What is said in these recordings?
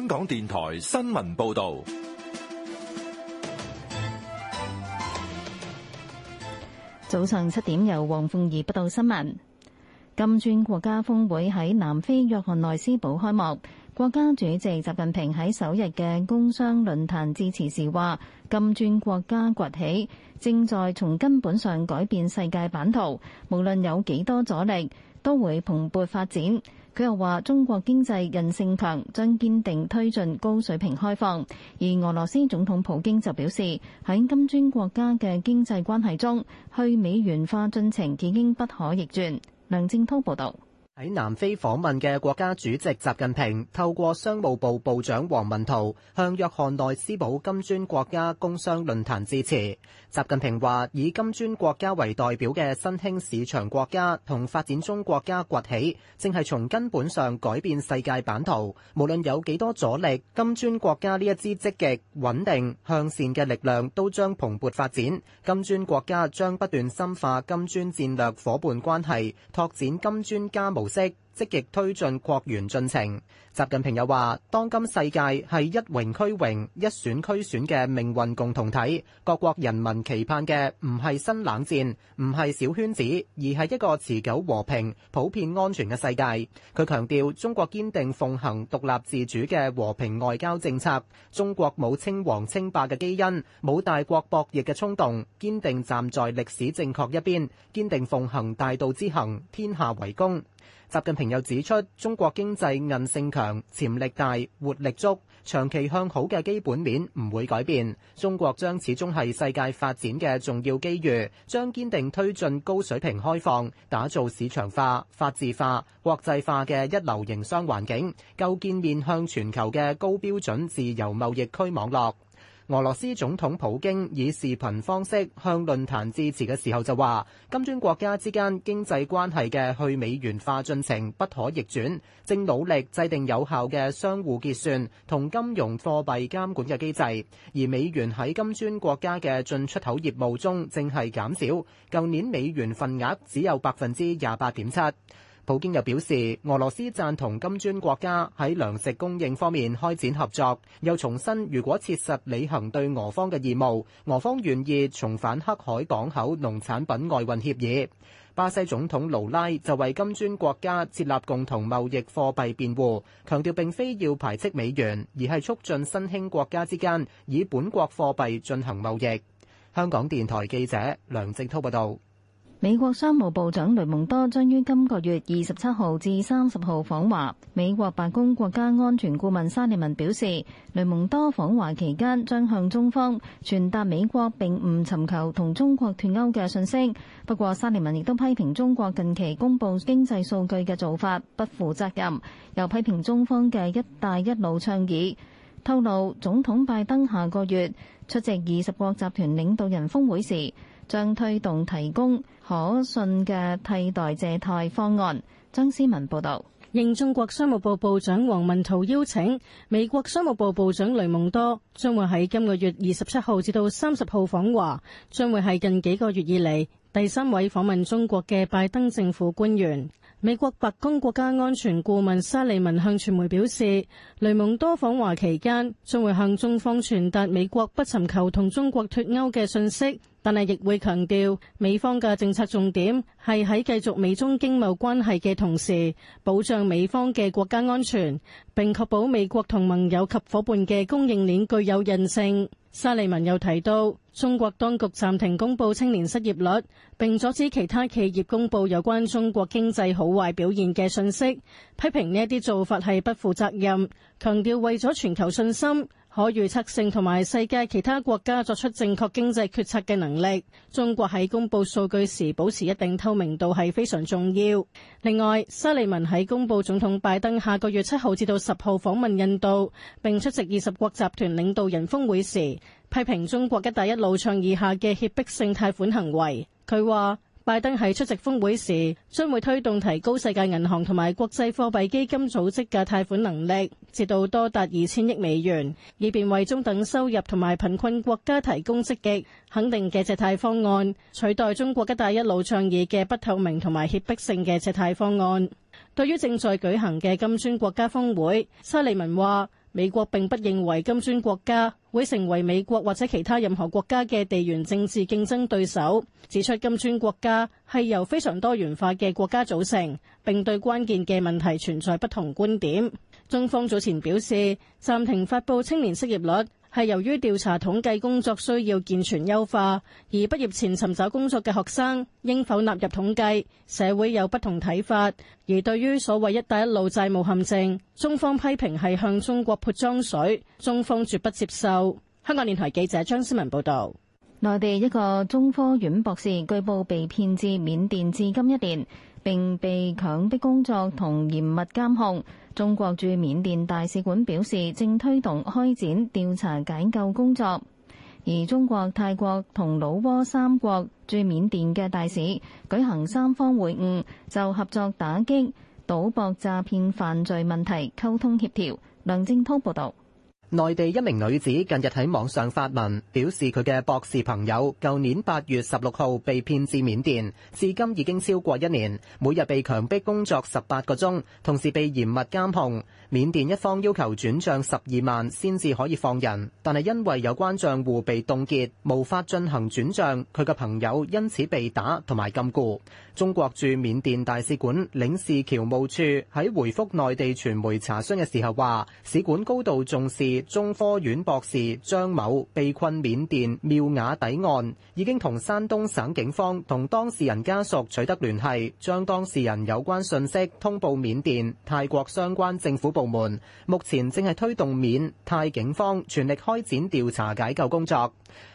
香港電台新聞報道，早上七點由黃鳳儀報道新聞。金磚國家峰會喺南非約翰內斯堡開幕，國家主席習近平喺首日嘅工商論壇致辭時話：金磚國家崛起正在從根本上改變世界版圖，無論有幾多阻力，都會蓬勃發展。佢又話：中國經濟韌性強，將堅定推進高水平開放。而俄羅斯總統普京就表示，喺金磚國家嘅經濟關係中，去美元化進程已經不可逆轉。梁正滔報導。喺南非訪問嘅國家主席習近平透過商務部部長王文濤向約翰內斯堡金磚國家工商論壇致辭。習近平話：以金磚國家為代表嘅新興市場國家同發展中國家崛起，正係從根本上改變世界版圖。無論有幾多阻力，金磚國家呢一支積極、穩定、向善嘅力量都將蓬勃發展。金磚國家將不斷深化金磚戰略伙伴關係，拓展金磚加無。積極推進國緣進程。習近平又話，當今世界係一榮俱榮、一損俱損嘅命運共同體，各國人民期盼嘅唔係新冷戰，唔係小圈子，而係一個持久和平、普遍安全嘅世界。佢強調中國堅定奉行獨立自主嘅和平外交政策，中國冇稱王稱霸嘅基因，冇大國博弈嘅衝動，堅定站在歷史正確一邊，堅定奉行大道之行，天下為公。習近平又指出，中國經濟韌性強、潛力大、活力足，長期向好嘅基本面唔會改變，中國將始終係世界發展嘅重要機遇，將堅定推進高水平開放，打造市場化、法治化、國際化嘅一流營商環境，構建面向全球嘅高標準自由貿易區網絡。俄羅斯總統普京以視頻方式向論壇致辭嘅時候就話：金磚國家之間經濟關係嘅去美元化進程不可逆轉，正努力制定有效嘅相互結算同金融貨幣監管嘅機制。而美元喺金磚國家嘅進出口業務中正係減少，舊年美元份額只有百分之廿八點七。普京又表示，俄羅斯贊同金磚國家喺糧食供應方面開展合作，又重申如果切實履行對俄方嘅義務，俄方願意重返黑海港口農產品外運協議。巴西總統盧拉就為金磚國家設立共同貿易貨幣辯護，強調並非要排斥美元，而係促進新興國家之間以本國貨幣進行貿易。香港電台記者梁正濤報道。美國商務部長雷蒙多將於今個月二十七號至三十號訪華。美國白宮國家安全顧問沙利文表示，雷蒙多訪華期間將向中方傳達美國並唔尋求同中國脱歐嘅訊息。不過，沙利文亦都批評中國近期公布經濟數據嘅做法不負責任，又批評中方嘅「一帶一路」倡議。透露總統拜登下個月出席二十國集團領導人峰會時，將推動提供可信嘅替代借貸方案。曾思文報導，應中國商務部部長王文濤邀請，美國商務部部長雷蒙多將會喺今個月二十七號至到三十號訪華，將會係近幾個月以嚟第三位訪問中國嘅拜登政府官員。美國白宮國家安全顧問沙利文向傳媒表示，雷蒙多訪華期間將會向中方傳達美國不尋求同中國脫鉤嘅信息。但係亦會強調，美方嘅政策重點係喺繼續美中經貿關係嘅同時，保障美方嘅國家安全，並確保美國同盟友及夥伴嘅供應鏈具有韌性。沙利文又提到，中國當局暫停公布青年失業率，並阻止其他企業公布有關中國經濟好壞表現嘅信息，批評呢一啲做法係不負責任，強調為咗全球信心。可預測性同埋世界其他國家作出正確經濟決策嘅能力，中國喺公佈數據時保持一定透明度係非常重要。另外，沙利文喺公佈總統拜登下個月七號至到十號訪問印度並出席二十國集團領導人峰會時，批評中國一帶一路倡議下嘅脅迫性貸款行為。佢話。拜登喺出席峰會時，將會推動提高世界銀行同埋國際貨幣基金組織嘅貸款能力，至到多達二千億美元，以便為中等收入同埋貧困國家提供積極肯定嘅借貸方案，取代中國一帶一路倡議嘅不透明同埋脅迫性嘅借貸方案。對於正在舉行嘅金磚國家峰會，沙利文話。美國並不認為金磚國家會成為美國或者其他任何國家嘅地緣政治競爭對手，指出金磚國家係由非常多元化嘅國家組成，並對關鍵嘅問題存在不同觀點。中方早前表示，暫停發布青年失業率，係由於調查統計工作需要健全優化，而畢業前尋找工作嘅學生應否納入統計，社會有不同睇法。而對於所謂「一帶一路債務陷阱」，中方批評係向中國潑髒水，中方絕不接受。香港電台記者張思文報道。內地一個中科院博士據報被騙至緬甸至今一年，並被強迫工作同嚴密監控。中國駐緬甸大使館表示，正推動開展調查解救工作。而中國、泰國同老撾三國駐緬甸嘅大使舉行三方會晤，就合作打擊賭博詐騙犯罪問題溝通協調。梁正濤報道。內地一名女子近日喺網上發文，表示佢嘅博士朋友舊年八月十六號被騙至緬甸，至今已經超過一年，每日被強迫工作十八個鐘，同時被嚴密監控。緬甸一方要求轉帳十二萬先至可以放人，但係因為有關帳戶被凍結，無法進行轉帳，佢嘅朋友因此被打同埋禁錮。中國駐緬甸大使館領事僑務處喺回覆內地傳媒查詢嘅時候話，使館高度重視。中科院博士張某被困緬甸妙瓦底案，已經同山東省警方同當事人家屬取得聯繫，將當事人有關信息通報緬甸、泰國相關政府部門，目前正係推動緬泰警方全力開展調查解救工作。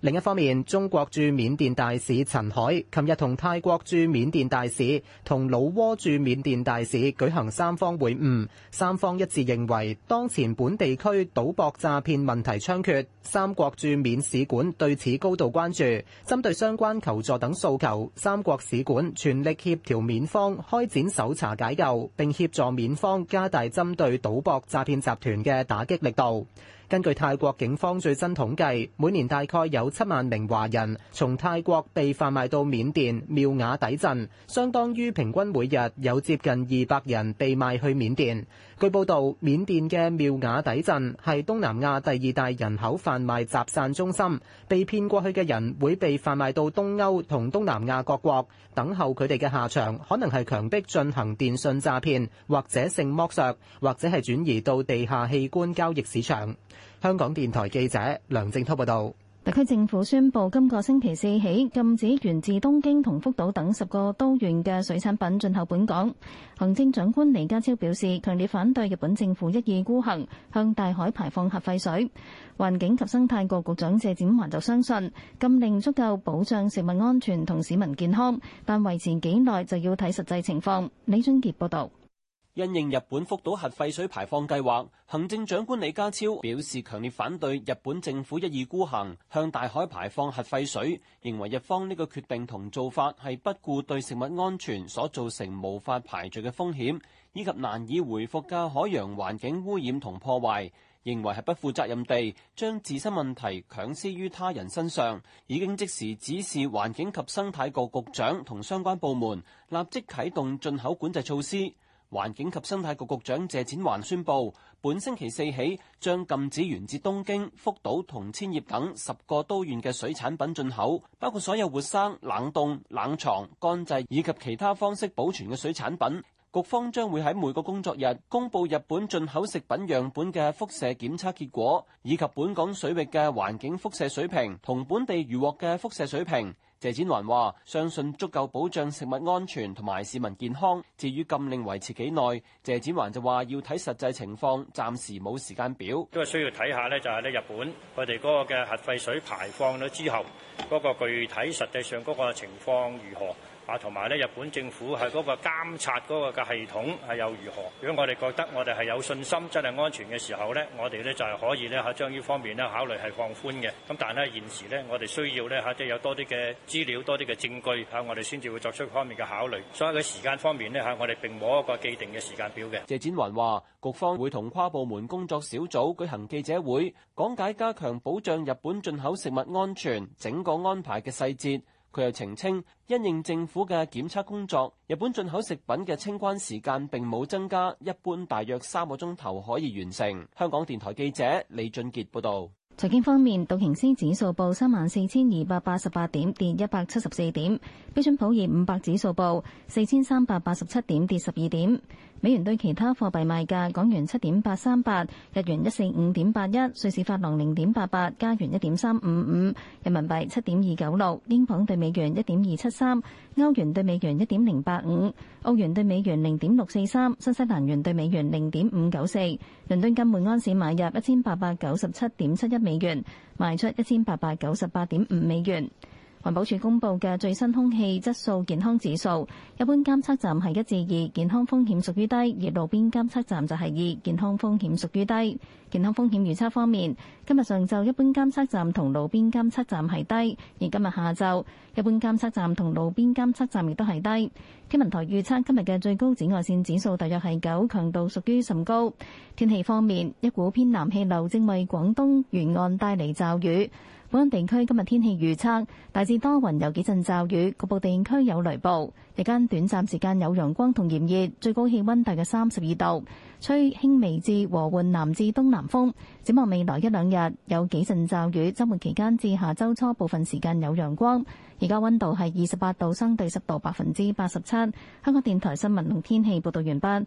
另一方面，中國駐緬甸大使陳海琴日同泰國駐緬甸大使同老撾駐緬甸大使舉行三方會晤，三方一致認為，當前本地區賭博詐騙問題猖獗，三國駐緬使館對此高度關注，針對相關求助等訴求，三國使館全力協調緬方開展搜查解救，並協助緬方加大針對賭博詐騙集團嘅打擊力度。根據泰國警方最新統計，每年大概有七萬名華人從泰國被販賣到緬甸妙瓦底鎮，相當於平均每日有接近二百人被賣去緬甸。據報道，緬甸嘅妙瓦底鎮係東南亞第二大人口販賣集散中心，被騙過去嘅人會被販賣到東歐同東南亞各國，等候佢哋嘅下場可能係強迫進行電信詐騙，或者性剝削，或者係轉移到地下器官交易市場。香港電台記者梁正濤報道，特區政府宣布今個星期四起禁止源自東京同福島等十個都縣嘅水產品進口本港。行政長官李家超表示，強烈反對日本政府一意孤行向大海排放核廢水。環境及生態局局長謝展寰就相信禁令足夠保障食物安全同市民健康，但維持幾耐就要睇實際情況。李俊杰報道。因應日本福島核廢水排放計劃，行政長官李家超表示強烈反對日本政府一意孤行，向大海排放核廢水，認為日方呢個決定同做法係不顧對食物安全所造成無法排除嘅風險，以及難以回復嘅海洋環境污染同破壞，認為係不負責任地將自身問題強施於他人身上，已經即時指示環境及生態局局長同相關部門立即啟動進口管制措施。環境及生態局局長謝展寰宣佈，本星期四起將禁止源自東京、福島同千葉等十個都縣嘅水產品進口，包括所有活生、冷凍、冷藏、乾製以及其他方式保存嘅水產品。局方將會喺每個工作日公佈日本進口食品樣本嘅輻射檢測結果，以及本港水域嘅環境輻射水平同本地漁獲嘅輻射水平。謝展寰話：相信足夠保障食物安全同埋市民健康。至於禁令維持幾耐，謝展寰就話要睇實際情況，暫時冇時間表。因為需要睇下呢，就係咧日本佢哋嗰個嘅核廢水排放咗之後，嗰個具體實際上嗰個情況如何。啊，同埋咧，日本政府係嗰個監察嗰個嘅系統係又如何？如果我哋覺得我哋係有信心，真係安全嘅時候咧，我哋咧就係可以咧嚇將呢方面咧考慮係放寬嘅。咁但係咧現時咧，我哋需要咧嚇即係有多啲嘅資料、多啲嘅證據嚇，我哋先至會作出方面嘅考慮。所以喺時間方面呢，嚇，我哋並冇一個既定嘅時間表嘅。謝展寰話：局方會同跨部門工作小組舉行記者會，講解加強保障日本進口食物安全整個安排嘅細節。佢又澄清，因應政府嘅檢測工作，日本進口食品嘅清關時間並冇增加，一般大約三個鐘頭可以完成。香港電台記者李俊傑報導。財經方面，道瓊斯指數報三萬四千二百八十八點，跌一百七十四點；標準普爾五百指數報四千三百八十七點，跌十二點。美元對其他貨幣賣價：港元七點八三八，日元一四五點八一，瑞士法郎零點八八，加元一點三五五，人民幣七點二九六，英鎊對美元一點二七三，歐元對美元一點零八五，澳元對美元零點六四三，新西蘭元對美元零點五九四。倫敦金每安士買入一千八百九十七點七一美元，賣出一千八百九十八點五美元。環保署公布嘅最新空氣質素健康指數，一般監測站係一至二，健康風險屬於低；而路邊監測站就係二，健康風險屬於低。健康風險預測方面，今日上晝一般監測站同路邊監測站係低，而今日下晝一般監測站同路邊監測站亦都係低。天文台預測今日嘅最高紫外線指數大約係九，強度屬於甚高。天氣方面，一股偏南氣流正為廣東沿岸帶嚟驟雨。本港地區今日天氣預測，大致多雲，有幾陣驟雨，局部地區有雷暴。日間短暫時間有陽光同炎熱，最高氣溫大約三十二度，吹輕微至和緩南至東南風。展望未來一兩日有幾陣驟雨，周末期間至下周初部分時間有陽光。而家溫度係二十八度，相對濕度百分之八十七。香港電台新聞同天氣報道完畢。